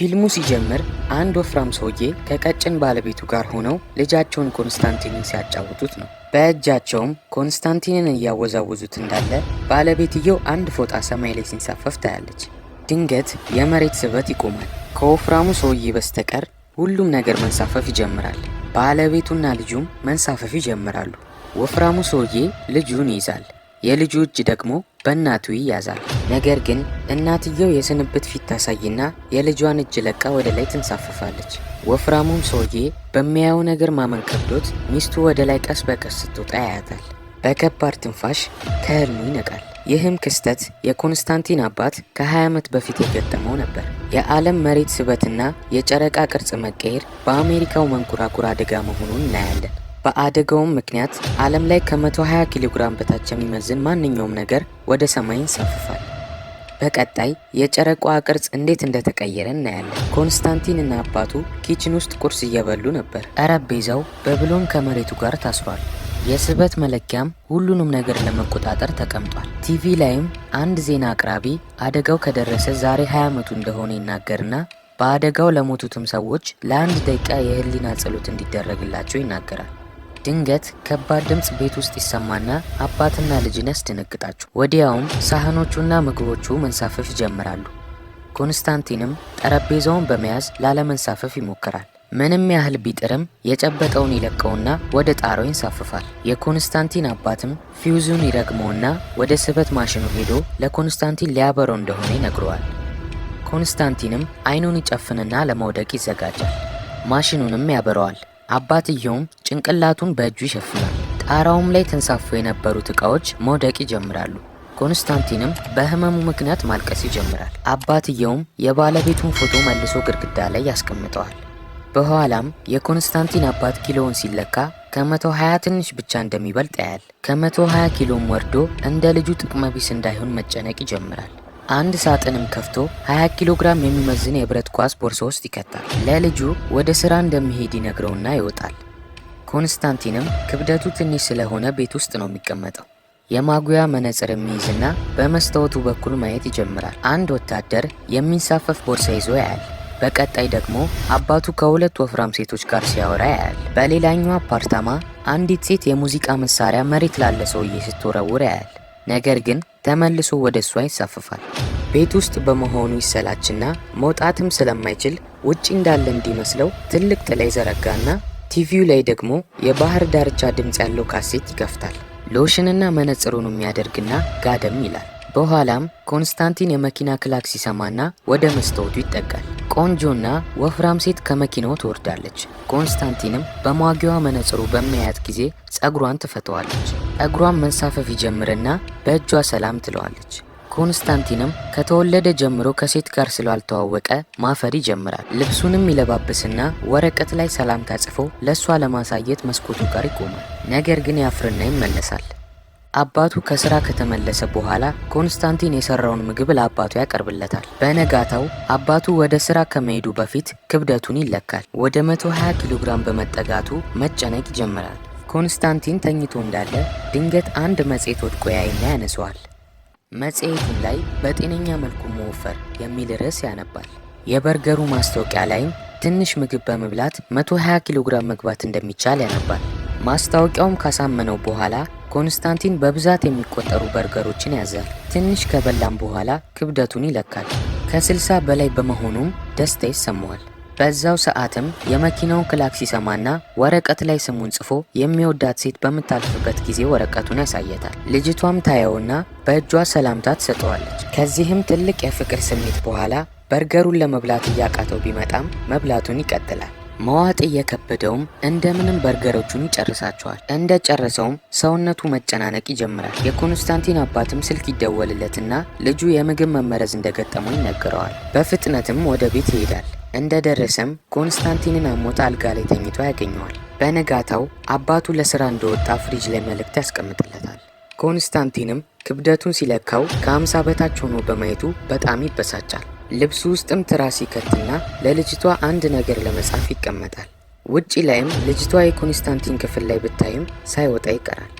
ፊልሙ ሲጀምር አንድ ወፍራም ሰውዬ ከቀጭን ባለቤቱ ጋር ሆነው ልጃቸውን ኮንስታንቲንን ሲያጫውቱት ነው። በእጃቸውም ኮንስታንቲንን እያወዛወዙት እንዳለ ባለቤትየው አንድ ፎጣ ሰማይ ላይ ሲንሳፈፍ ታያለች። ድንገት የመሬት ስበት ይቆማል። ከወፍራሙ ሰውዬ በስተቀር ሁሉም ነገር መንሳፈፍ ይጀምራል። ባለቤቱና ልጁም መንሳፈፍ ይጀምራሉ። ወፍራሙ ሰውዬ ልጁን ይይዛል። የልጁ እጅ ደግሞ በእናቱ ይያዛል። ነገር ግን እናትየው የስንብት ፊት ታሳይና የልጇን እጅ ለቃ ወደ ላይ ትንሳፈፋለች። ወፍራሙም ሰውዬ በሚያየው ነገር ማመን ከብዶት ሚስቱ ወደ ላይ ቀስ በቀስ ስትወጣ ያያታል። በከባድ ትንፋሽ ከህልሙ ይነቃል። ይህም ክስተት የኮንስታንቲን አባት ከ20 ዓመት በፊት የገጠመው ነበር። የዓለም መሬት ስበትና የጨረቃ ቅርጽ መቀየር በአሜሪካው መንኮራኩር አደጋ መሆኑን እናያለን። በአደጋውም ምክንያት ዓለም ላይ ከ120 ኪሎ ግራም በታች የሚመዝን ማንኛውም ነገር ወደ ሰማይ ይንሳፈፋል። በቀጣይ የጨረቋ ቅርጽ እንዴት እንደተቀየረ እናያለን። ኮንስታንቲን እና አባቱ ኪችን ውስጥ ቁርስ እየበሉ ነበር። ጠረጴዛው በብሎን ከመሬቱ ጋር ታስሯል። የስበት መለኪያም ሁሉንም ነገር ለመቆጣጠር ተቀምጧል። ቲቪ ላይም አንድ ዜና አቅራቢ አደጋው ከደረሰ ዛሬ 20 ዓመቱ እንደሆነ ይናገርና በአደጋው ለሞቱትም ሰዎች ለአንድ ደቂቃ የህሊና ጸሎት እንዲደረግላቸው ይናገራል። ድንገት ከባድ ድምፅ ቤት ውስጥ ይሰማና አባትና ልጅን ያስደነግጣቸው። ወዲያውም ሳህኖቹና ምግቦቹ መንሳፈፍ ይጀምራሉ። ኮንስታንቲንም ጠረጴዛውን በመያዝ ላለመንሳፈፍ ይሞክራል። ምንም ያህል ቢጥርም የጨበጠውን ይለቀውና ወደ ጣራው ይንሳፍፋል። የኮንስታንቲን አባትም ፊውዙን ይረግመውና ወደ ስበት ማሽኑ ሄዶ ለኮንስታንቲን ሊያበረው እንደሆነ ይነግረዋል። ኮንስታንቲንም አይኑን ይጨፍንና ለመውደቅ ይዘጋጃል። ማሽኑንም ያበረዋል። አባትየውም ጭንቅላቱን በእጁ ይሸፍናል። ጣራውም ላይ ተንሳፎ የነበሩት ዕቃዎች መውደቅ ይጀምራሉ። ኮንስታንቲንም በህመሙ ምክንያት ማልቀስ ይጀምራል። አባትየውም የባለቤቱን ፎቶ መልሶ ግድግዳ ላይ ያስቀምጠዋል። በኋላም የኮንስታንቲን አባት ኪሎውን ሲለካ ከ120 ትንሽ ብቻ እንደሚበልጥ ያያል። ከ120 ኪሎም ወርዶ እንደ ልጁ ጥቅመቢስ እንዳይሆን መጨነቅ ይጀምራል። አንድ ሳጥንም ከፍቶ 20 ኪሎ ግራም የሚመዝን የብረት ኳስ ቦርሳ ውስጥ ይከታል። ለልጁ ወደ ስራ እንደሚሄድ ይነግረውና ይወጣል። ኮንስታንቲንም ክብደቱ ትንሽ ስለሆነ ቤት ውስጥ ነው የሚቀመጠው። የማጉያ መነጽር የሚይዝና በመስታወቱ በኩል ማየት ይጀምራል። አንድ ወታደር የሚንሳፈፍ ቦርሳ ይዞ ያያል። በቀጣይ ደግሞ አባቱ ከሁለት ወፍራም ሴቶች ጋር ሲያወራ ያያል። በሌላኛው አፓርታማ አንዲት ሴት የሙዚቃ መሳሪያ መሬት ላለ ሰውዬ ስትወረውር ያያል። ነገር ግን ተመልሶ ወደ እሷ ይሳፈፋል። ቤት ውስጥ በመሆኑ ይሰላችና መውጣትም ስለማይችል ውጪ እንዳለ እንዲመስለው ትልቅ ጥላ ይዘረጋና ቲቪው ላይ ደግሞ የባህር ዳርቻ ድምፅ ያለው ካሴት ይከፍታል። ሎሽንና መነጽሩን የሚያደርግና ጋደም ይላል። በኋላም ኮንስታንቲን የመኪና ክላክ ሲሰማና ወደ መስታወቱ ይጠጋል። ቆንጆና ወፍራም ሴት ከመኪናው ትወርዳለች። ኮንስታንቲንም በማጊዋ መነጽሩ በሚያያት ጊዜ ጸጉሯን ትፈተዋለች። እግሯን መንሳፈፍ ይጀምርና በእጇ ሰላም ትለዋለች። ኮንስታንቲንም ከተወለደ ጀምሮ ከሴት ጋር ስላልተዋወቀ ማፈር ይጀምራል። ልብሱንም ይለባብስና ወረቀት ላይ ሰላምታ ጽፎ ለእሷ ለማሳየት መስኮቱ ጋር ይቆማል። ነገር ግን ያፍርና ይመለሳል። አባቱ ከስራ ከተመለሰ በኋላ ኮንስታንቲን የሰራውን ምግብ ለአባቱ ያቀርብለታል። በነጋታው አባቱ ወደ ስራ ከመሄዱ በፊት ክብደቱን ይለካል። ወደ 120 ኪሎ ግራም በመጠጋቱ መጨነቅ ይጀምራል። ኮንስታንቲን ተኝቶ እንዳለ ድንገት አንድ መጽሔት ወድቆ ያይና ያነሰዋል። መጽሔቱም ላይ በጤነኛ መልኩ መወፈር የሚል ርዕስ ያነባል። የበርገሩ ማስታወቂያ ላይም ትንሽ ምግብ በመብላት 120 ኪሎ ግራም መግባት እንደሚቻል ያነባል። ማስታወቂያውም ካሳመነው በኋላ ኮንስታንቲን በብዛት የሚቆጠሩ በርገሮችን ያዛል። ትንሽ ከበላም በኋላ ክብደቱን ይለካል። ከ60 በላይ በመሆኑም ደስታ ይሰማዋል። በዛው ሰዓትም የመኪናውን ክላክ ሲሰማና ወረቀት ላይ ስሙን ጽፎ የሚወዳት ሴት በምታልፍበት ጊዜ ወረቀቱን ያሳየታል። ልጅቷም ታየውና በእጇ ሰላምታ ትሰጠዋለች። ከዚህም ትልቅ የፍቅር ስሜት በኋላ በርገሩን ለመብላት እያቃተው ቢመጣም መብላቱን ይቀጥላል። መዋጥ እየከበደውም እንደምንም በርገሮቹን ይጨርሳቸዋል። እንደ ጨረሰውም ሰውነቱ መጨናነቅ ይጀምራል። የኮንስታንቲን አባትም ስልክ ይደወልለትና ልጁ የምግብ መመረዝ እንደገጠመው ይነግረዋል። በፍጥነትም ወደ ቤት ይሄዳል። እንደደረሰም ኮንስታንቲንን አሞት አልጋ ላይ ተኝቶ ያገኘዋል። በንጋታው አባቱ ለስራ እንደወጣ ፍሪጅ ላይ መልእክት ያስቀምጥለታል። ኮንስታንቲንም ክብደቱን ሲለካው ከ50 በታች ሆኖ በማየቱ በጣም ይበሳጫል። ልብሱ ውስጥም ትራስ ይከትና ለልጅቷ አንድ ነገር ለመጻፍ ይቀመጣል። ውጪ ላይም ልጅቷ የኮንስታንቲን ክፍል ላይ ብታይም ሳይወጣ ይቀራል።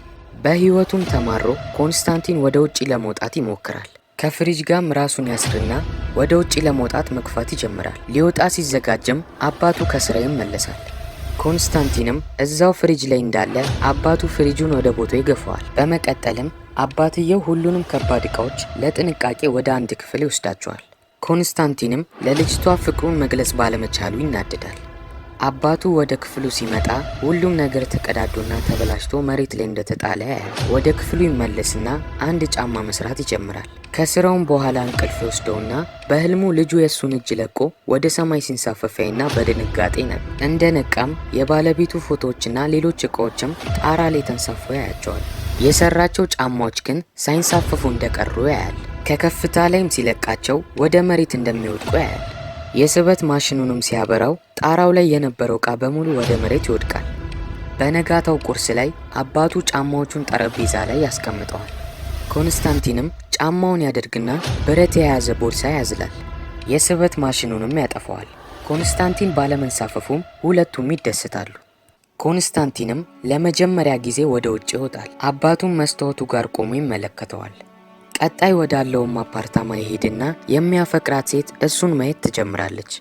በህይወቱም ተማሮ ኮንስታንቲን ወደ ውጪ ለመውጣት ይሞክራል። ከፍሪጅ ጋም ራሱን ያስርና ወደ ውጪ ለመውጣት መግፋት ይጀምራል። ሊወጣ ሲዘጋጅም አባቱ ከስራ ይመለሳል። ኮንስታንቲንም እዛው ፍሪጅ ላይ እንዳለ አባቱ ፍሪጁን ወደ ቦታው ይገፋዋል። በመቀጠልም አባትየው ሁሉንም ከባድ ዕቃዎች ለጥንቃቄ ወደ አንድ ክፍል ይወስዳቸዋል። ኮንስታንቲንም ለልጅቷ ፍቅሩን መግለጽ ባለመቻሉ ይናደዳል። አባቱ ወደ ክፍሉ ሲመጣ ሁሉም ነገር ተቀዳዶና ተበላሽቶ መሬት ላይ እንደተጣለ ያያል። ወደ ክፍሉ ይመለስና አንድ ጫማ መስራት ይጀምራል። ከስራውም በኋላ እንቅልፍ ወስደውና በህልሙ ልጁ የእሱን እጅ ለቆ ወደ ሰማይ ሲንሳፈፋይና በድንጋጤ ነ እንደ ነቃም የባለቤቱ ፎቶዎችና ሌሎች እቃዎችም ጣራ ላይ ተንሳፎ ያያቸዋል። የሰራቸው ጫማዎች ግን ሳይንሳፈፉ እንደቀሩ ያያል። ከከፍታ ላይም ሲለቃቸው ወደ መሬት እንደሚወድቁ ያያል። የስበት ማሽኑንም ሲያበራው ጣራው ላይ የነበረው ዕቃ በሙሉ ወደ መሬት ይወድቃል። በነጋታው ቁርስ ላይ አባቱ ጫማዎቹን ጠረጴዛ ላይ ያስቀምጠዋል። ኮንስታንቲንም ጫማውን ያደርግና ብረት የያዘ ቦርሳ ያዝላል። የስበት ማሽኑንም ያጠፈዋል። ኮንስታንቲን ባለመንሳፈፉም ሁለቱም ይደሰታሉ። ኮንስታንቲንም ለመጀመሪያ ጊዜ ወደ ውጭ ይወጣል። አባቱም መስታወቱ ጋር ቆሞ ይመለከተዋል። ቀጣይ ወዳለውም አፓርታማ ይሄድና የሚያፈቅራት ሴት እሱን ማየት ትጀምራለች።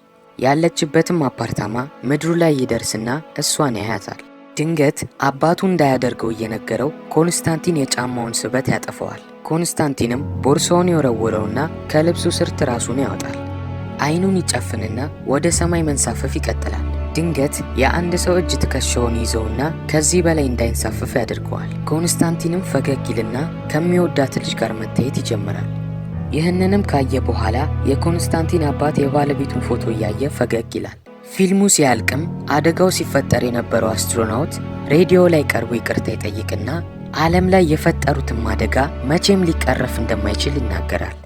ያለችበትም አፓርታማ ምድሩ ላይ ይደርስና እሷን ያያታል። ድንገት አባቱ እንዳያደርገው እየነገረው ኮንስታንቲን የጫማውን ስበት ያጠፈዋል። ኮንስታንቲንም ቦርሳውን የወረወረውና ከልብሱ ስር ትራሱን ያወጣል። አይኑን ይጨፍንና ወደ ሰማይ መንሳፈፍ ይቀጥላል። ድንገት የአንድ ሰው እጅ ትከሻውን ይዘውና ከዚህ በላይ እንዳይንሳፈፍ ያደርገዋል። ኮንስታንቲንም ፈገግ ይልና ከሚወዳት ልጅ ጋር መታየት ይጀምራል። ይህንንም ካየ በኋላ የኮንስታንቲን አባት የባለቤቱን ፎቶ እያየ ፈገግ ይላል። ፊልሙ ሲያልቅም አደጋው ሲፈጠር የነበረው አስትሮናውት ሬዲዮ ላይ ቀርቦ ይቅርታ ይጠይቅና ዓለም ላይ የፈጠሩትም አደጋ መቼም ሊቀረፍ እንደማይችል ይናገራል።